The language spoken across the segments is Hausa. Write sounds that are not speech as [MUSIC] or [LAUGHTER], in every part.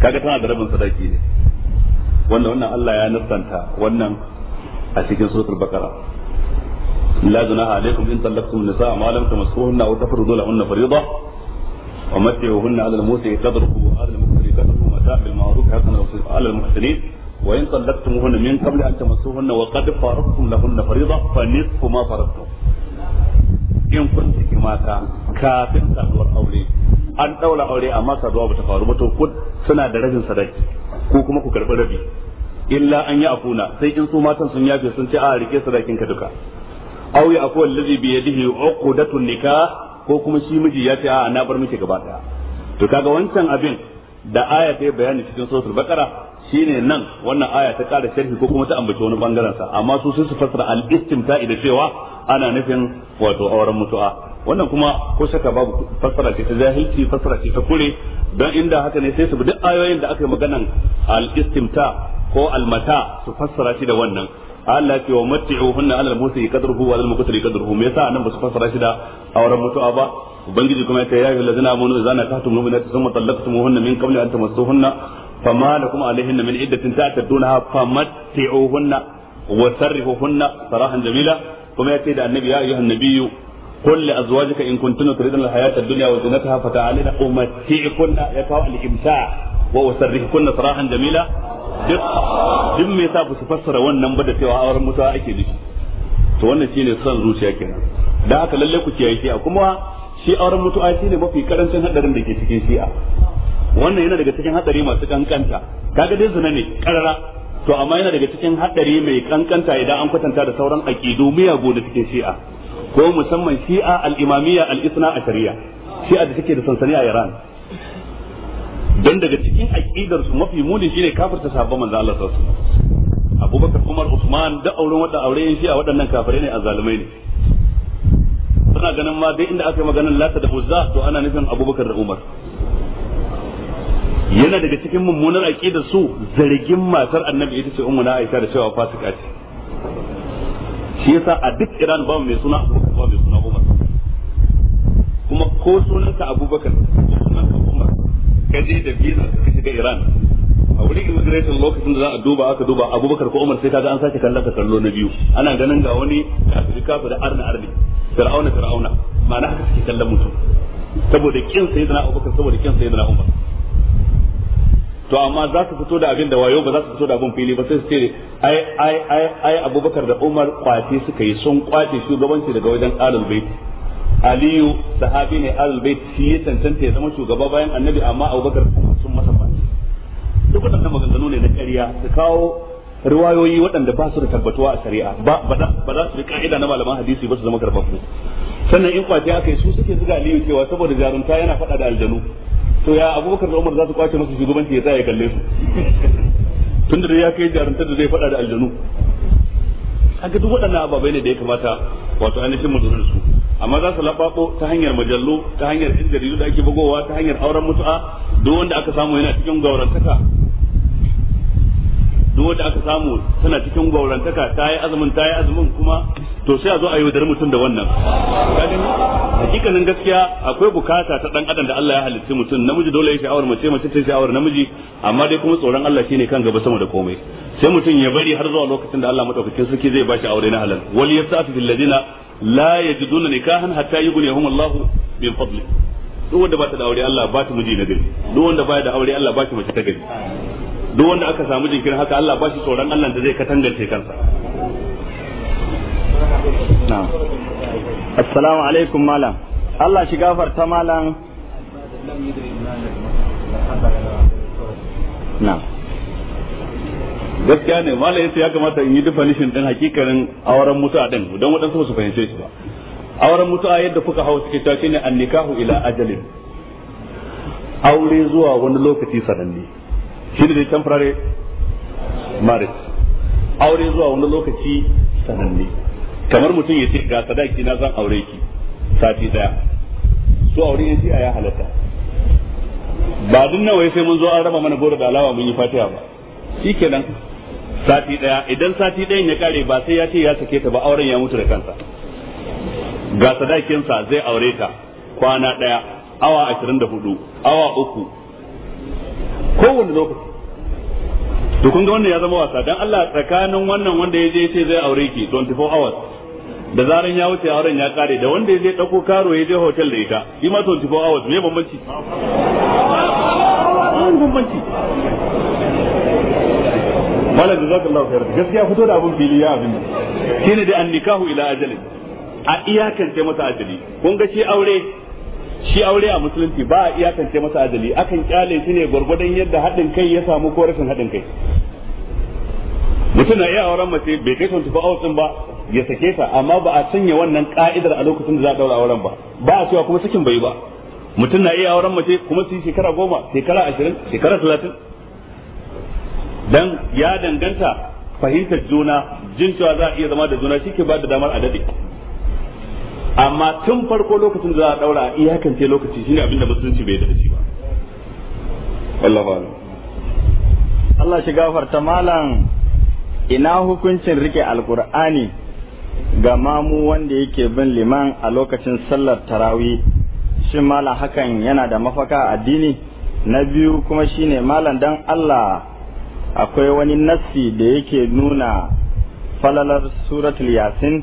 kaga tana da rabin sadaki ne wannan wannan Allah ya nassanta wannan a cikin suratul baqara la junaha in nisaa ma lam tamassuhunna aw tafridu lahunna fariida wa matti'uhunna 'ala al wa 'ala al bil ma'ruf 'ala al-muhsinin wa in min qabli an tamassuhunna wa qad faradtum lahunna fariida fa nisfu ma faradtum in mata kafin saduwar aure an daura aure amma saduwa bata faru ba to ku suna da rabin sadaki ko kuma ku karbi rabi illa an yi afuna sai in su matan sun yafe sun ce a rike sadakin ka duka aw ya aku allazi bi yadihi uqdatun nikah ko kuma shi miji ya ce a na bar miki gaba daya to kaga wancan abin da aya ta bayani cikin suratul baqara shine nan wannan aya ta kara sharhi ko kuma ta ambaci wani bangaren sa amma su sun su fassara al-istimta'i da cewa ana nufin wato auren mutu'a wannan kuma ko shaka babu fassara ce ta jahilci fassara ce ta kure don inda haka ne sai su bi duk ayoyin da aka yi maganan al-istimta ko al-mata su fassara shi da wannan Allah ce wa matti'uhunna alal musi qadruhu wa alal muqtari qadruhu me yasa nan ba su fassara shi da auren mutuwa ba ubangiji kuma ya ayyuhal ladzina amanu idza nakahtum mu'minati thumma talaqtumuhunna min qabli an tamassuhunna fama lakum alayhinna min iddatin ta'tadunaha famatti'uhunna wa sarrihuhunna sarahan jamila kuma ya ce da annabi ya ayyuhan nabiyyu قل لأزواجك إن كنتن تريدن الحياة الدنيا وزينتها فتعالين أمتعكن a الإمتاع وأسرحكن سراحا جميلا duk duk me yasa ba su fassara wannan ba da cewa auren mutuwa ake nufi to wannan shine son zuciya kenan da haka lalle ku kiyaye shi'a kuma shi auren mutuwa shine mafi karancin hadarin da ke cikin shi'a wannan yana daga cikin hadari masu kankanta kaga dai zina ne karara to amma yana daga cikin hadari mai kankanta idan an kwatanta da sauran aqidu miyago da shi'a ko musamman shi'a al-imamiyya al-isna ashariya shi'a da take da sansani a Iran dan daga cikin aqidar su mafi muni shine kafirta sahabban manzo Allah sallallahu alaihi wasallam Abubakar Umar Usman da auren wadda auren shi'a waɗannan kafirai ne azzalumai ne suna ganin ma dai inda aka yi maganar lata da uzza to ana nufin abubakar da umar yana daga cikin mummunar aqidar su zargin matar annabi ita ce ummu na aisha da cewa fasika ce shi yasa a duk Iran ba mai suna Abubakar ba mai suna Umar kuma ko sunanka Abubakar ko sunanka Umar ka je da visa ka shiga Iran a wurin immigration lokacin da za a duba aka duba Abubakar ko Umar sai kaga an sake kallon ka kallo na biyu ana ganin ga wani kafiri da arna arni fir'auna fir'auna ma'ana haka suke kallon mutum saboda kin sayyidina Abubakar saboda kin sayyidina Umar to amma za su fito da abin da wayo ba za su fito da abin fili ba sai su ce ai ai ai ai abubakar da umar kwace suka yi sun kwace shugabanci daga wajen alul bait aliyu sahabi ne alul bait shi ya tantance ya zama shugaba bayan annabi amma abubakar sun masa kwace duk waɗannan maganganu ne na ƙarya su kawo riwayoyi waɗanda ba su da tabbatuwa a shari'a ba ba za su bi ka'ida na malaman hadisi ba su zama karfafu sannan in kwace aka yi su suke zuga aliyu cewa saboda jarumta yana faɗa da aljanu to ya abubakar da umar za su kwace masa shugabanci ya tsaye kalle su tunda da ya kai jarumtar da zai faɗa da aljanu haka duk waɗannan ababai ne da ya kamata wato ainihin mu da su amma za su laɓaɓo ta hanyar majallu ta hanyar yan da ake bugowa ta hanyar auren mutu'a duk wanda aka samu yana cikin gaurantaka duk wanda aka samu tana cikin gaurantaka ta yi azumin ta yi azumin kuma to sai a zo a yi wadar mutum da wannan ganin hakikanin gaskiya akwai bukata ta dan adam da Allah ya halitta mutum namiji dole ya sha'awar mace mace ta sha'awar namiji amma dai kuma tsoron Allah shine kan gaba sama da komai sai mutum ya bari har zuwa lokacin da Allah madaukakin sarki zai bashi aure na halal wal yasafi fil ladina la yajiduna nikahan hatta yughniyahum Allah min fadli duk wanda ba ta da aure Allah ba ta miji na gari duk wanda baya da aure Allah ba ta mace ta gari duk wanda aka samu jinkirin haka Allah ba shi tsoron Allah da zai katangance kansa assalamu alaikum malam Allah shi gafarta malam Na. gaskiya ne malam yace ya kamata in yi definition din hakikarin auren mutuwa din don waɗansu ba su fahimce shi ba auren mutuwa yadda kuka hau suke cewa shine annikahu ila ajalin aure zuwa wani lokaci sananne shi da temporary marriage aure zuwa wani lokaci sananne kamar mutum ya ce ga sadaki na zan aure ki sati daya su aure ya a ya halatta ba duk nawa sai mun zo an raba mana goro da alawa mun yi fatiha ba shi kenan sati daya idan sati dayan ya kare ba sai ya ce ya sake ta ba auren ya mutu da kansa ga sadakinsa zai aure ta kwana daya awa ashirin da hudu awa uku kowane lokaci to kun ga wannan ya zama wasa dan Allah tsakanin wannan wanda ya je sai zai aure ki 24 hours da zaran ya wuce auren ya kare da wanda ya je dauko karo ya je hotel da ita shi ma 24 hours me bambanci an bambanci wala jazakallahu khair gaskiya fito da abun fili ya abin shine da annikahu ila ajalin a iyakance masa ajali kun ga shi aure shi aure a musulunci ba a iyakance masa ajali akan kyale shi ne gwargwadon yadda haɗin kai ya samu ko rashin haɗin kai mutum na iya auren mace bai kai son tufa auren ba ya sake ta amma ba a sanya wannan ka'idar a lokacin da za a daura auren ba ba a cewa kuma sakin bai ba mutum na iya auren mace kuma su yi shekara goma shekara ashirin shekara talatin dan ya danganta fahimtar juna jin cewa za a iya zama da juna shi ke ba da damar a daɗe amma tun farko lokacin da za a daura a iyakance lokaci shine abinda musulunci bai dace ba Allah ba Allah shi gafarta malam ina hukuncin rike alkur'ani ga mamu wanda yake bin liman a lokacin sallar tarawi shi malam hakan yana da mafaka addini na biyu kuma shine malam dan Allah akwai wani nassi da yake nuna falalar suratul yasin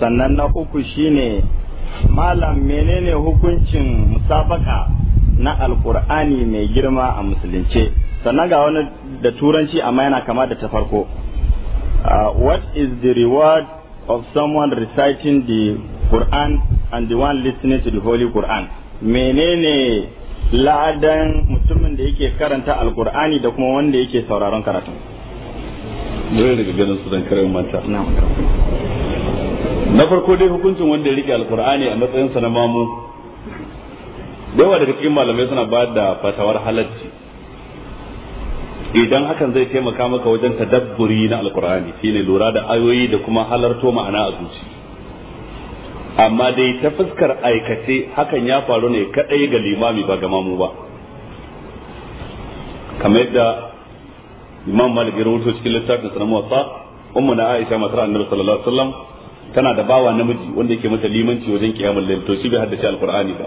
sannan na uku shine malam menene hukuncin musabaka na alkur'ani mai girma a musulunce sannan ga wani da turanci amma yana kama da ta farko uh, what is the reward of someone reciting the quran and the one listening to the holy quran menene ladan mutumin da yake karanta alkur'ani da kuma wanda yake sauraron karatu. Dole daga ganin su don karin manta. na farko dai hukuncin wanda ya rike alkur'ani a matsayin sa na mamu yawa daga cikin malamai suna ba da fatawar halacci idan hakan zai taimaka maka wajen tadabburi na alkur'ani shine lura da ayoyi da kuma halarto ma'ana a zuci amma dai ta fuskar aikace hakan ya faru ne kadai ga limami ba ga mamu ba kamar yadda imam malik ya rubuta cikin littafin sanamu wasa ummu na aisha matar annabi sallallahu alaihi wasallam tana da bawa namiji wanda yake mata limanci wajen kiyamul layl to shi bai haddace alqur'ani ba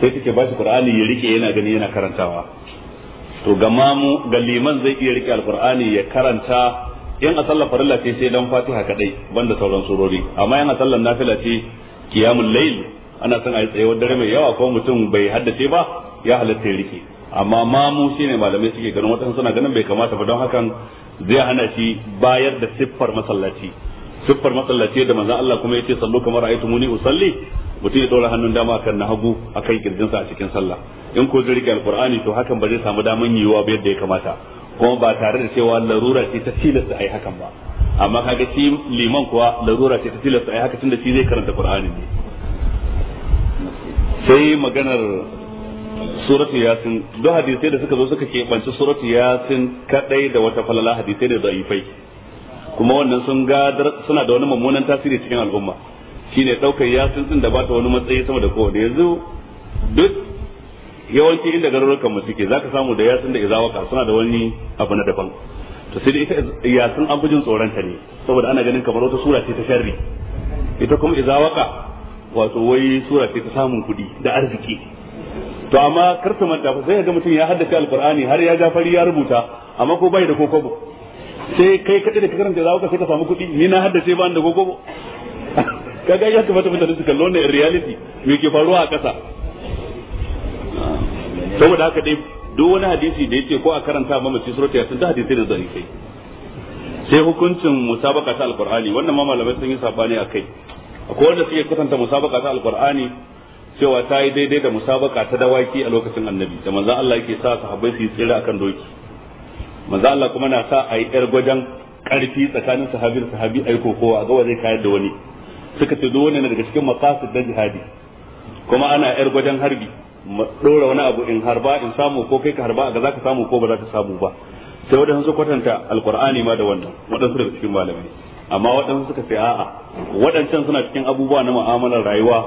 sai take ba shi qur'ani ya rike yana gani yana karantawa to ga mamu ga liman zai iya rike alqur'ani ya karanta in a sallar farilla ce sai dan fatiha kadai banda sauran surori amma yana sallar nafila ce kiyamul layl ana son a yi tsaye dare mai yawa ko mutum bai haddace ba ya halatta ya rike amma mamu shine malamai suke ganin wata suna ganin bai kamata ba don hakan zai hana shi bayar da siffar masallaci siffar matsalace da manzon Allah kuma yace sallu kamar muni usalli mutum ya dora hannun dama kan na hagu akan kirjinsa a cikin sallah in ko zai rike alqur'ani to hakan ba zai samu daman yiwuwa ba yadda ya kamata kuma ba tare da cewa larura ce ta tilasta ai hakan ba amma kaga shi liman kuwa larura ce ta tilasta ai hakan tunda shi zai karanta qur'ani ne sai maganar suratu yasin duk hadisai da suka zo suka keɓanci suratu yasin kadai da wata falala hadisai da zaifai kuma wannan sun gadar suna da wani mummunan tasiri cikin al'umma shine daukar yasin din da ba ta wani matsayi sama da kowane yanzu duk yawanci inda garurukan mu suke zaka samu da yasin da izawaka suna da wani abu na daban to sai ita yasin an bujin tsoron ta ne saboda ana ganin kamar wata sura ce ta sharri ita kuma izawaka wato wai sura ce ta samun kuɗi da arziki to amma kar ta manta fa sai ga mutum ya haddace alqur'ani har ya ga fari ya rubuta amma ko bai da ko sai kai kaɗai da ka karanta za ka sai ka samu kuɗi ni na sai ba da ka ga yadda kamata mutane su kallo ne reality me ke faruwa a ƙasa saboda haka dai duk wani hadisi da yake ko a karanta mamaci surata yasin da hadisi da zai kai sai hukuncin musabaka ta alqur'ani wannan ma malamai sun yi sabani akai akwai wanda suke kusanta musabaka ta alqur'ani cewa ta yi daidai da musabaka ta dawaki a lokacin annabi da manzon Allah yake sa sahabbai su yi tsira akan doki manzo Allah kuma na sa a yi yar gwajan karfi tsakanin sahabi da sahabi yi kokowa ga wa zai kayar da wani suka ce duk na daga cikin maqasid da jihadi kuma ana yar gwajan harbi dora wani abu in harba in samu ko kai ka harba ga zaka samu ko ba zaka samu ba sai wadansu su kwatanta alqur'ani ma da wannan wadansu daga cikin malamai amma wadansu suka ce a'a wadancan suna cikin abubuwa na mu'amalar rayuwa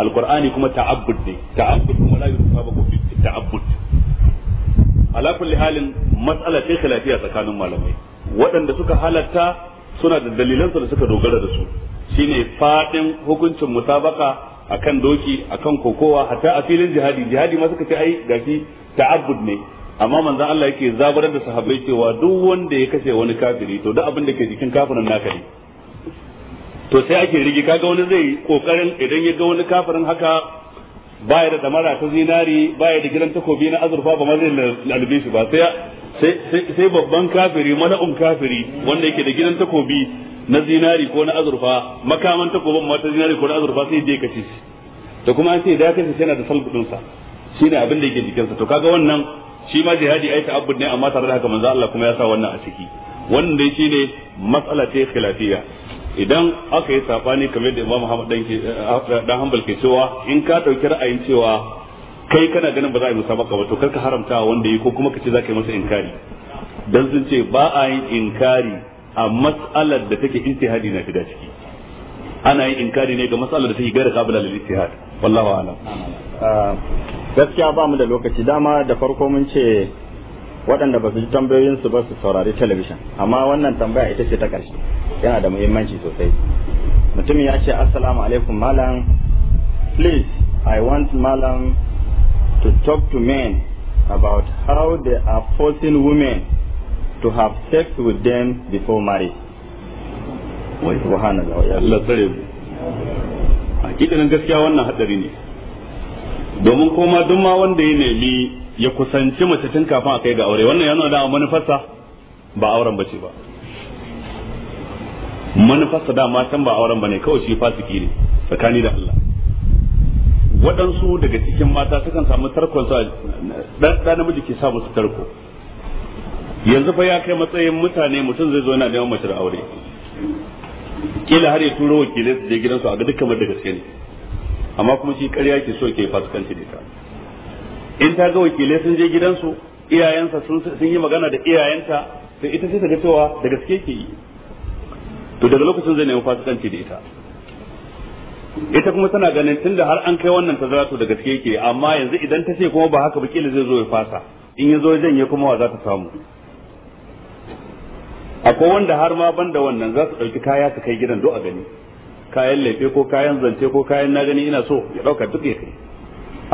alqur'ani kuma ta'abbud ne ta'abbud kuma la yusabaku fi ta'abbud ala kulli halin matsala ce khilafiya tsakanin malamai waɗanda suka halatta suna da dalilansu da suka dogara da su shine fadin hukuncin musabaka akan doki akan kokowa hatta a filin jihadi jihadi ma suka ce ai gashi ta'abbud ne amma manzon Allah yake zabarar da sahabbai cewa duk wanda ya kashe wani kafiri to duk abin da ke jikin kafirin naka ne to sai ake rigi kaga wani zai kokarin idan ya ga wani kafirin haka baya da damara ta zinari baya da gidan takobi na azurfa ba ma zai lalbe shi ba sai sai babban kafiri mala'un kafiri wanda yake da gidan takobi na zinari ko na azurfa makaman takobin ma ta zinari ko na azurfa sai je kace shi to kuma an ce da kace yana da salbudin sa shine abin da yake jikinsa to kaga wannan shi ma jihadi ai ta'abbud ne amma tare da haka manzo Allah kuma ya sa wannan a ciki wannan dai shine mas'ala ce khilafiyya idan aka yi sabani kamar da Imam Muhammad dan eh, dan Hanbal ke cewa in ka dauki ra'ayin cewa kai kana ganin ba za a yi musabaka ba to kar ka haramta wanda yi ko kuma ka ce za ka yi masa inkari dan sun ce ba a yin inkari a mas'alar da take intihadi na shiga ciki ana yin inkari ne ga mas'alar da take gare kabila da intihad wallahu a'lam ah, gaskiya ba mu da lokaci dama da farko mun ce waɗanda ba su ji tambayoyinsu ba su saurari talabishin amma wannan tambaya ita ce ta ƙarshe yana da muhimmanci sosai mutum ya ce assalamu alaikum malam please i want malam to talk to men about how they are forcing women to have sex with them before marriage. Wai, subhanallah, ya Allah tsare a Hakikanin gaskiya wannan hadari ne. Domin koma duk ma wanda ya nemi ya kusanci mace tun kafin a kai ga aure wannan yana da manufarsa ba auren bace ba. Manufarsa ma san ba auren bane kawai shi fasiki ne tsakani da Allah. waɗansu daga cikin mata sukan samu tarkon sa da namiji ke sa musu tarko yanzu fa ya kai matsayin mutane mutum zai zo yana neman mace da aure kila har ya turo wakilai su je gidansu a ga dukkan da gaske ne amma kuma shi ƙarya ke so ke fasikanci da ta in ta ga wakilai sun je gidansu iyayensa sun yi magana da iyayenta sai ita sai ta ga cewa da gaske ke yi to daga lokacin zai nemi fasikanci da ita ita kuma tana ganin tunda har an kai wannan tazara to da gaske yake amma yanzu idan ta ce kuma ba haka ba kila zai zo ya fasa in ya zo ya kuma wa za ta samu akwai wanda har ma banda wannan za su ɗauki kaya su kai gidan do a gani kayan laife ko kayan zance ko kayan na gani ina so ya ɗauka duk ya kai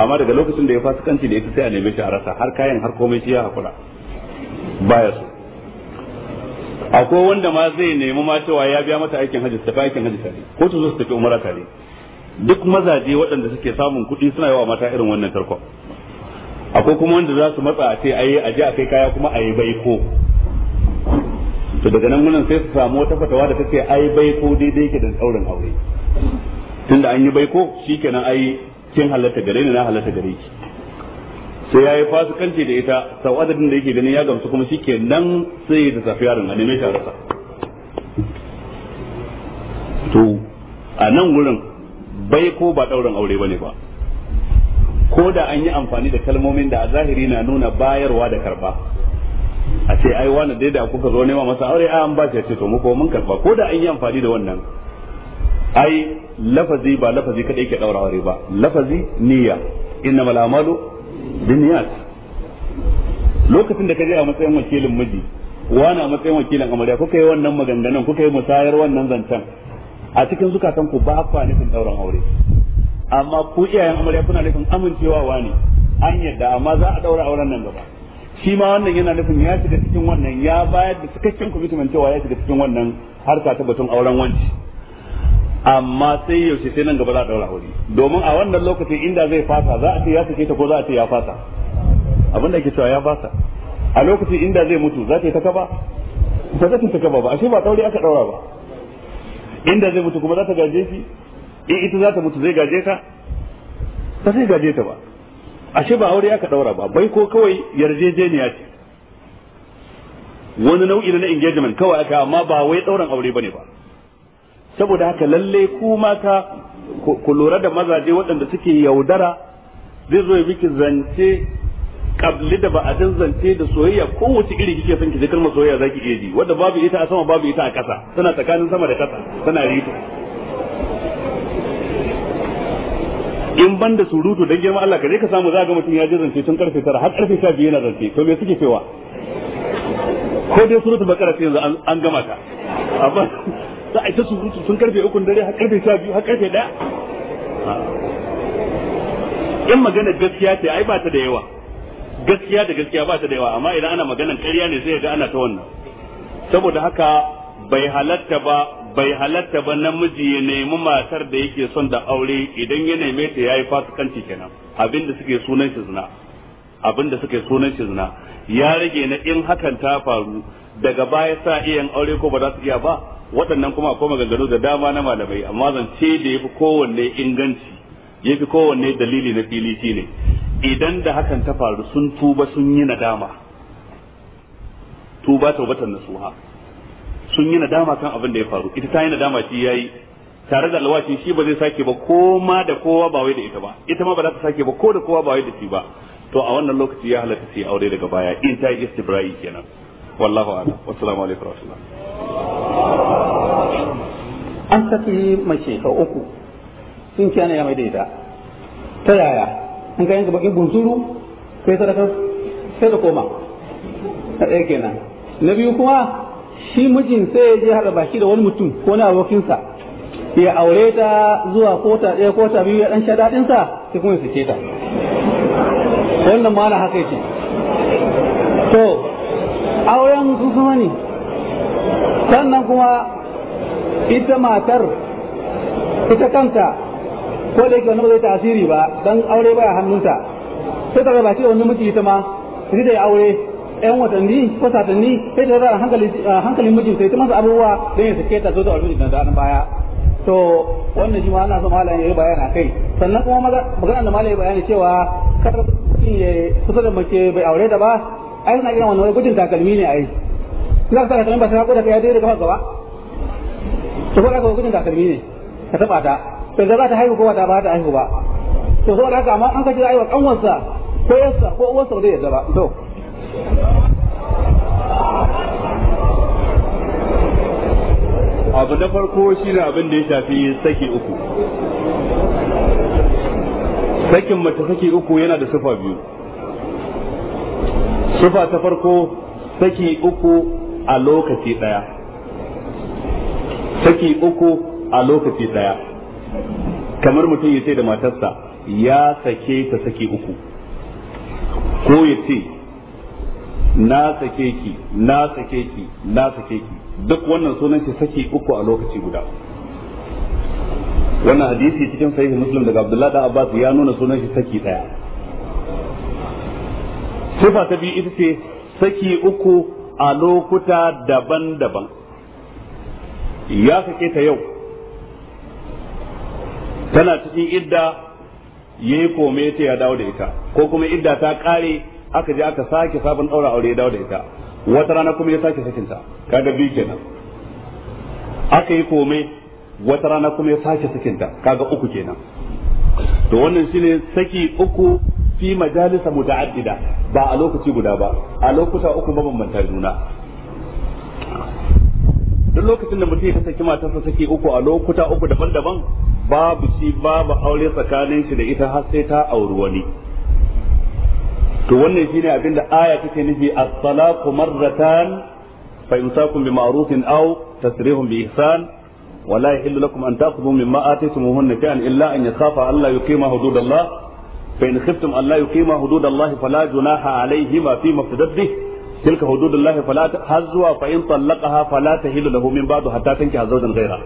amma daga lokacin da ya fasa kanci da ita sai a neme shi a rasa har kayan har komai shi ya hakura baya so akwai wanda ma zai nemi ma cewa ya biya mata aikin hajji tafi aikin hajji tare ko ta zo su tafi umara tare duk mazaje waɗanda suke samun kuɗi suna yawa mata irin wannan tarkon akwai kuma wanda za su matsa a ce ayi a je a kai kaya kuma a bai ko to daga nan gudan sai su samu wata fatawa da take ai bai ko daidai ke da tsaurin aure tunda an yi bai ko shikenan ai kin halatta gare ni na halatta gare ki sai ya yi fasikanci da ita sau adadin da yake ganin ya gamsu kuma shi ke nan sai da safiyarin a neman rasa to a nan wurin bai ko ba ɗaurin aure bane ba ko da an yi amfani da kalmomin da a zahiri na nuna bayarwa da karba a ce ai wani dai da kuka zo nema masa aure a an ba shi ce to muku mun karba ko da an yi amfani da wannan ai lafazi ba lafazi kadai ke daura aure ba lafazi niyya innamal amalu binniyat lokacin da ka je a matsayin wakilin miji wani a matsayin wakilin amarya kuka yi wannan maganganun kuka yi musayar wannan zancen a cikin zukatan ku ba kwa nufin dauran aure amma ku iyayen amarya kuna nufin amincewa wani an yadda amma za a daura auren nan gaba shi ma wannan yana nufin ya shiga cikin wannan ya bayar da cikakken commitment cewa ya shiga cikin wannan harka ta batun auren wanci amma sai yaushe sai nan gaba za a daura aure domin a wannan lokacin inda zai fasa za a ce ya sake ta ko za a ce ya fasa abinda da ake cewa ya fasa a lokacin inda zai mutu za ta yi ta kaba ba za ta ta kaba ba ashe ba tauri aka daura ba inda zai mutu kuma za ta gaje shi in ita za ta mutu zai gaje ka ba zai gaje ta ba ashe ba aure aka daura ba bai ko kawai yarjejeniya ce wani nau'i na engagement kawai aka amma ba wai dauran aure bane ba saboda haka lalle ku mata ku lura da mazaje waɗanda suke yaudara zai zo ya miki zance kabli da ba'adin zance da soyayya ko wace iri kike son ki ji kalmar soyayya zaki iya ji wanda babu ita a sama babu ita a ƙasa tana tsakanin sama da ƙasa tana rito in ban da surutu dan girma Allah ka je ka samu za ga mutum ya je zance tun karfe tara har karfe 12 yana zance to me suke cewa ko dai surutu ba karfe yanzu an gama ta za a yi ta surutu sun karfe ukun dare har karfe sha biyu har karfe ɗaya in maganar gaskiya ce ai ba ta da yawa gaskiya da gaskiya ba ta da yawa amma idan ana maganar ƙarya ne sai ga ana ta wannan saboda haka bai halatta ba bai halatta ba namiji ya nemi matar da yake son da aure idan ya neme ta yayi fasikanci kenan abinda suke sunan shi zina abinda suke sunan shi zina ya rage na in hakan ta faru daga baya sa iyan aure ko ba za su iya ba waɗannan kuma akwai maganganu da dama na malamai amma zance da yafi kowanne inganci yafi kowanne dalili na fili shine idan da hakan ta faru sun tuba sun yi nadama tuba ta na suha sun yi nadama kan abin da ya faru ita ta yi nadama shi yi tare da alwashi shi ba zai sake ba ko ma da kowa ba wai da ita ba ita ma ba za ta sake ba ko da kowa ba wai da shi ba to a wannan lokaci ya halatta sai aure daga baya in ta yi istibra'i kenan wallahu a'lam wassalamu alaikum warahmatullahi an saki mace ta uku sun ci ana ya mai daita ta yaya in ka yanka bakin bunsuru sai sadaka sai da koma na ɗaya kenan na biyu kuma shi mijin sai ya je haɗa baki da wani mutum ko na abokinsa ya aure ta zuwa kota ɗaya kota biyu ya ɗan sha daɗinsa sai kuma ya sake ta wannan ma na haka yake to auren sun kuma ne sannan kuma ita matar ita kanta ko da yake wani ba zai tasiri ba dan aure baya hannunta sai ta gabace wani miji ita ma ita da ya aure yan watanni ko satanni sai ta zara hankalin mijin sai ta masa abubuwa dan ya sake ta zo da wani da dan baya to wannan shi ma ana so malam ya yi bayani kai sannan kuma magana da malam ya bayani cewa kar mutum ya kusa da mace bai aure da ba ai suna irin wannan wai gudun takalmi ne ai za ka sa takalmi ba sai ka da ka ya daidai kafa gaba to ko ka hukuncin takalmi ne ka taba ta to za ta haihu ko ta ba ta haihu ba to ko haka amma an ka jira aiwa kanwansa ko yarsa ko uwarsa da yadda ba to abu na farko shi ne abin da ya shafi saki uku sakin mace saki uku yana da sufa biyu sufa ta farko saki uku a lokaci ɗaya saki uku a lokaci daya kamar mutum ya ce da matarsa ya sake ta saki uku ko ya ce na sake ki na sake ki na sake ki duk wannan sunan shi saki uku a lokaci guda wannan hadisi cikin sahihi muslim daga abdullahi da abbas ya nuna sunan shi saki daya sifa ta biyu ita ce saki uku a lokuta daban-daban ya sake ta yau tana cikin idda ya yi kome ta ya dawo da ita ko kuma idda ta kare aka je aka sake sabon daura aure ya dawo da ita wata rana kuma ya sake sakinta kaga biyu kenan aka yi kome wata rana kuma ya sake sakinta kaga uku kenan to wannan shine saki uku fi majalisa muta'addida ba a lokaci guda ba a lokuta uku mabambanta juna duk lokacin da mutum ya saki matarsa sake uku a lokuta uku daban-daban babu shi babu aure tsakanin shi da ita har sai ta auri wani to wannan shine abin da aya take nufi as-salaqu marratan fa imsakum bi ma'rufin aw tasrihum bi ihsan ولا tilka hududullahi fala har zuwa fa in tallaqaha fala tahilu lahu min ba'du hatta tanki hazawjan ghaira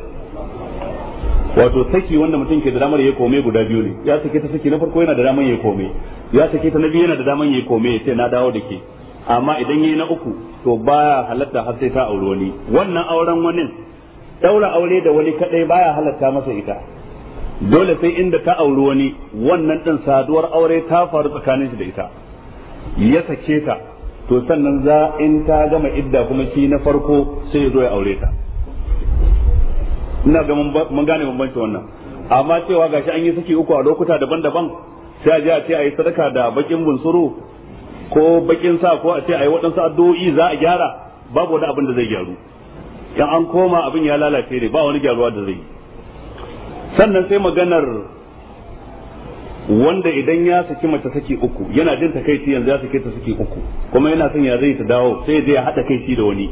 wato saki wanda mutum ke da damar ya kome guda biyu ne ya sake ta saki na farko yana da damar ya kome ya sake ta na biyu yana da damar ya kome ya ce na dawo da ke amma idan yayi na uku to baya halatta har sai ta aure wani wannan auren wani daura aure da wani kadai baya halatta masa ita dole sai inda ta auri wani wannan din saduwar aure ta faru tsakanin shi da ita ya sake ta to sannan za in ta gama idda kuma shi na farko sai ya zo ya aure ta ina ga mun gane bambanci wannan amma cewa gashi an yi saki uku a lokuta daban-daban sai a je a ce a yi sadaka da bakin bunsuru ko bakin sa ko a ce a yi waɗansu addu'o'i za a gyara babu wani abin da zai gyaru in an koma abin ya lalace ne ba wani gyaruwa da zai yi sannan sai maganar wanda idan ya saki mace saki uku yana jin takaici yanzu ya sake ta saki uku kuma yana son ya zai ta dawo sai zai hada kai shi da wani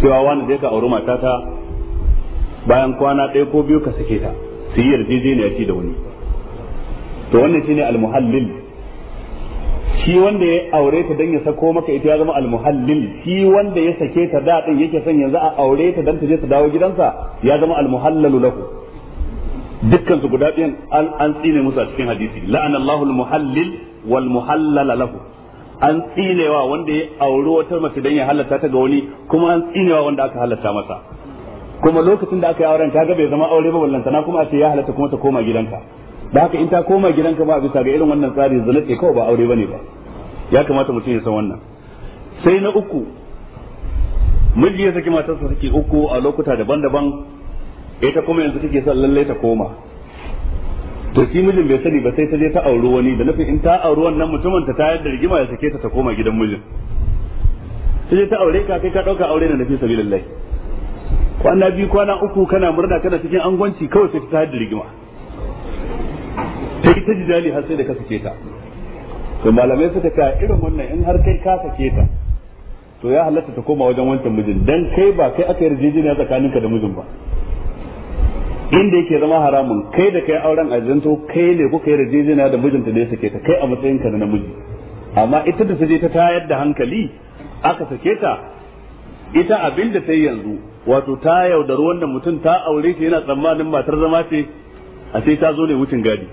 cewa wani zai ka auri matata bayan kwana ɗaya ko biyu ka sake ta su yi yarjejeniya shi da wani to wannan shine almuhallil shi wanda ya aure ta dan ya sako maka ita ya zama almuhallil shi wanda ya sake ta da din yake son yanzu a aure ta dan ta je ta dawo gidansa ya zama almuhallalu lahu dukkan su guda biyan an an tsine musu a cikin hadisi la'ana Allahul muhallil wal muhallala lahu an tsinewa wanda ya auri wata mace dan ya halatta ta ga wani kuma an tsinewa wanda aka halatta masa kuma lokacin da aka yi auren ga bai zama aure ba sana kuma a ce ya halatta kuma ta koma gidanka da haka in ta koma gidanka ba bisa ga irin wannan tsari zina ce kawai ba aure bane ba ya kamata mutum ya san wannan sai na uku miji ya saki matarsa saki uku a lokuta daban-daban ita kuma yanzu take son lallai ta koma to shi mijin bai sani ba sai ta je ta auri wani da nufin in ta auri wannan mutumin ta tayar da rigima ya sake ta ta koma gidan mijin ta je ta aure ka kai ka dauka aure na nafi lai kwana biyu kwana uku kana murna kana cikin angwanci kawai sai ta tayar da rigima ta ji dali har sai da ka sake ta to malamai suka ka irin wannan in har kai ka sake ta to ya halatta ta koma wajen wancan mijin dan kai ba kai aka yarjejeniya tsakaninka da mijin ba inda yake zama haramun kai da kai auren ajinto kai ne kuka kai rajijina da mijinta da sake ta kai a matsayin ka na namiji amma ita da je ta tayar da hankali aka sake ta ita abin da ta yi yanzu wato ta yaudaru wannan mutum ta aure shi yana tsammanin matar zama ce a sai ta zo ne wucin gadi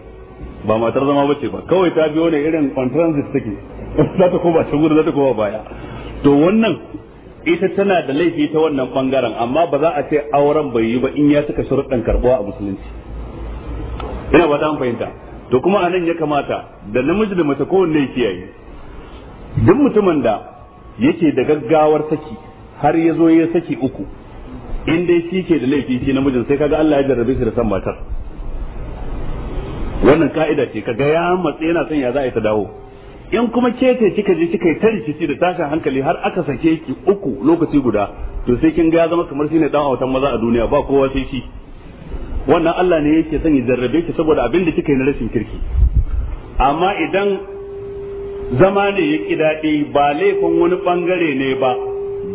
ba matar zama bace ba kawai ta biyo ne irin on transit take [LAUGHS] za ta koma ta gudu za ta koma baya to wannan ita tana da laifi ta wannan bangaren amma ba za a ce auren bai yi ba in ya saka sharuɗan karɓuwa a musulunci ina ba ta fahimta to kuma a nan ya kamata da namiji da mace kowanne kiyaye duk mutumin da yake da gaggawar saki har ya zo ya saki uku in dai shi ke da laifi shi namijin sai kaga Allah ya jarrabe shi da san matar wannan ka'ida ce kaga ya matse yana son ya za a yi ta dawo in kuma kece kika je kika yi ta rikici da tashin hankali har aka sake ki uku lokaci guda to sai kin ga ya zama kamar shine dan autan maza a duniya ba kowa sai shi wannan Allah ne yake son ya jarrabe ki saboda abin da kika yi na rashin kirki amma idan zama ne ya ki daɗi ba laifin wani bangare ne ba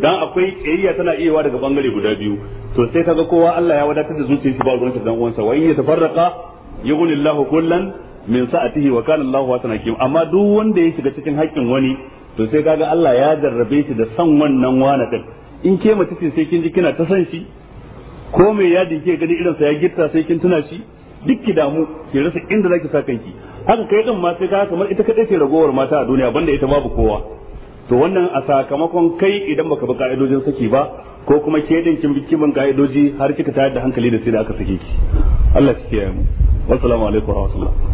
dan akwai kiyayya tana iyawa daga bangare guda biyu to sai kaga kowa Allah ya wadatar da zuciyarsa ba ruwan dan uwansa wa ya yatafarraqa yughnillahu kullan min sa'atihi wa kana Allahu wa hakim amma duk wanda ya shiga cikin haƙƙin wani to sai kaga Allah ya jarrabe shi da san wannan wani din in ke mace ce sai kin ji kina ta san shi ko me ya dinke gani irin sa ya gitta sai kin tuna shi duk ki damu ki rasa inda zaki sa kanki haka kai din ma sai ka kamar ita kadai ce ragowar mata a duniya banda ita babu kowa to wannan a sakamakon kai idan baka bi ka'idojin saki ba ko kuma ke din kin bi bin ka'idoji har kika tayar da hankali da sai da aka sake ki Allah ya kiyaye mu wassalamu alaikum wa rahmatullah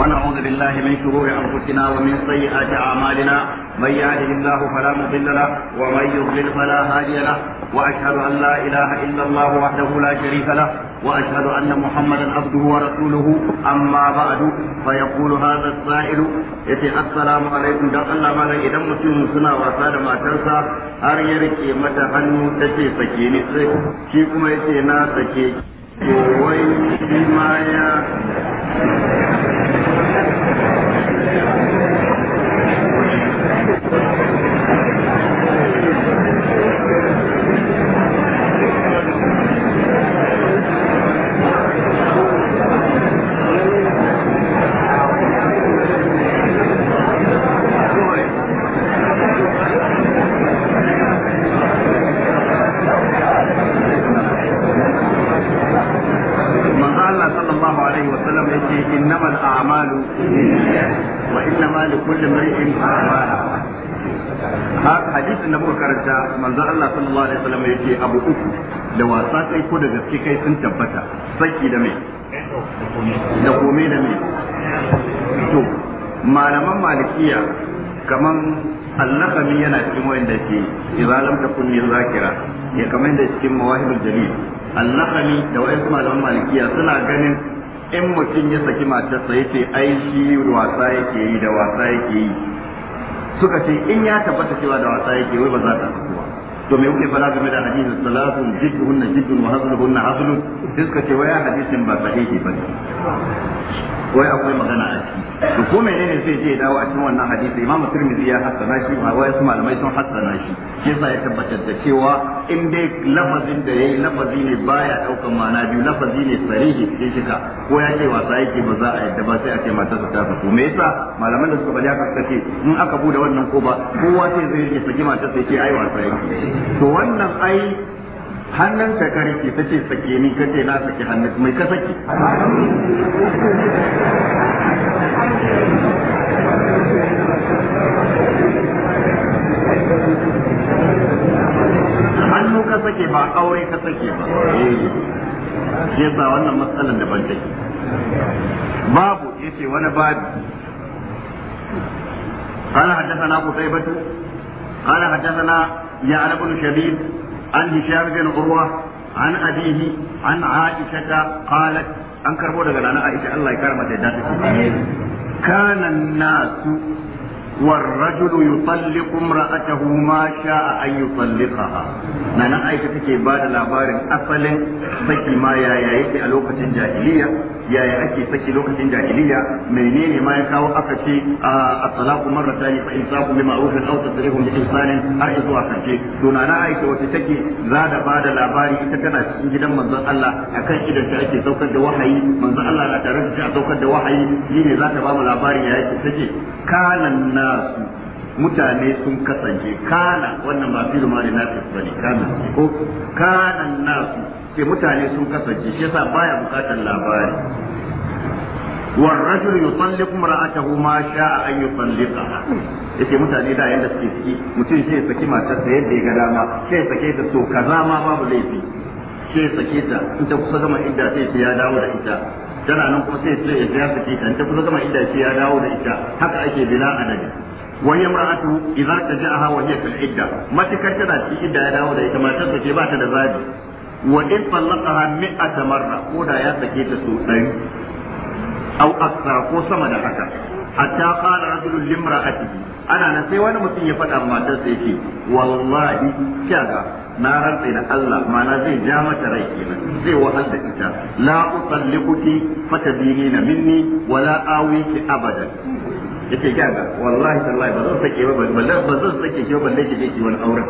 ونعوذ بالله من شرور انفسنا ومن سيئات اعمالنا من يهده الله فلا مضل له ومن يضلل فلا هادي له واشهد ان لا اله الا الله وحده لا شريك له واشهد ان محمدا عبده ورسوله اما بعد فيقول هذا السائل يتي السلام عليكم دان الله ما idan mutum suna wasa da matarsa har ya rike mata hannu tace sake ni sai shi kuma yace na sake to wai shi ma ya すごい sallallahu alaihi wasallam yake abu uku da wasa kai ko da gaske kai sun tabbata saki da me, da kome da me. to malaman malikiya kaman allakami yana cikin wanda ke izalam ta kunni zakira ya kaman da cikin mawahibul jalil allakami da wayansu malaman malikiya suna ganin in mutum ya saki matarsa yace ai shi wasa yake yi da wasa yake yi suka ce in ya tabbata cewa da wasa yake wai ba za ta to me kuke fara game da hadisin salatun jidduhun jiddun wa hazluhun hazlun sai suka ce wai hadisin ba sahihi bane wai akwai magana a ciki to ko menene zai je dawo a cikin wannan hadisi imam tirmidhi ya hassana shi ma wai malamai sun hassana shi shi yasa ya tabbatar da cewa in dai lafazin da yayi lafazi ne baya daukan ma'ana biyu lafazi ne sarihi cikin ka ko ya ce wasa yake ba za a yadda ba sai a ce mata ta fito me yasa malaman da suka bari aka kace in aka bude wannan ko ba kowa sai zai yi saki mata sai ce ai wasa yake to wannan ai hannun ka ke ta ce sake ni kace na saki hannun mai ka saki hannu ka sake ba aure ka sake ba shi yasa wannan matsalan da ban take babu yace wani babu قال حدثنا قتيبة قال حدثنا يعلى بن شبيب عن هشام بن عروة عن أبيه عن عائشة قالت أنكر بودا قال أنا عائشة الله يكرمك kana nasu والرجل يطلق امرأته ما شاء أن يطلقها معنى عائشة تكي بعد لابار أصل سكي ما يا يا يكي ألوكة جاهلية يا يا أكي سكي لوكة جاهلية منين ما يكاو أكشي الطلاق مرة ثانية فإنصاف بمعروف أو تصريح بإحسان أرجو أكشي دون أنا عائشة وتتكي زاد بعد لابار إتكنا جدا من ذا الله أكن إذا تأتي سوكة وحي من ذا الله لا ترجع سوكة وحي يني ذات باب لابار يا يكي سكي كان الناس nasu mutane sun kasance kana wannan ba fi da na ba ne kana ko kana nasu ke mutane sun kasance shi yasa baya bukatar labari rajul يطلق mar'atahu ma sha'a an يطلقها yake mutane da yanda suke ciki mutum sai saki matar sa yadda ya ga dama sai sake ta to kaza ma babu laifi sai sake ta in ta kusa gama idda sai ya dawo da ita tana nan kuma sai ya ya saki ta ta kusa gama idda ya dawo da ita haka ake bila adadi wani imra'atu idza taja'aha wa hiya fil idda matakar tana cikin idda ya dawo da ita matar take ba ta da zabi wa in talaqaha mi'ata marra ko da ya sake ta so au aksara ko sama da haka hatta qala rajulun limra'atihi ana nan sai wani mutum ya faɗa matarsa yake wallahi kaga na rantsa da Allah ma'ana zai ja mata rai kenan zai wahal da ita la utallikuti na minni wala awiki abadan yake kyaga wallahi tallahi ba zan sake ba ba zan sake ki ba lake ki wani auren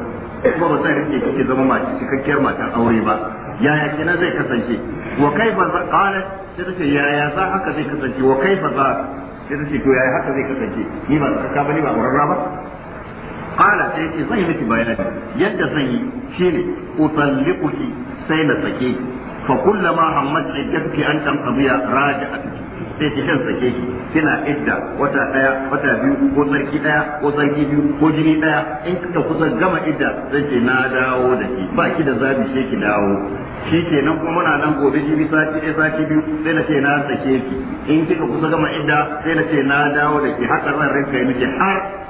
kuma ba zan rike kike zama mace cikakkiyar matan aure ba yaya kina zai kasance wa kaifa za qala sai tace yaya za haka zai kasance wa kaifa za sai tace to yaya haka zai kasance ni ba ka ba ni ba aurarra ba qala sai yace zan yi miki bayani yadda zan yi shine utalliquki sai na sake ki fa kullama hammat iddatuki an tanqadiya raja'atuki sai ki kan sake shi. kina idda wata daya wata biyu ko sarki daya ko sarki biyu ko jini daya in kika kusa gama idda sai ce na dawo da ki ba ki da zabi sai ki dawo shi ke nan kuma muna nan gobe jibi sati ɗaya sati biyu sai na ce na sake shi in kika kusa gama idda sai na ce na dawo da ki haka zan rinka yi miki har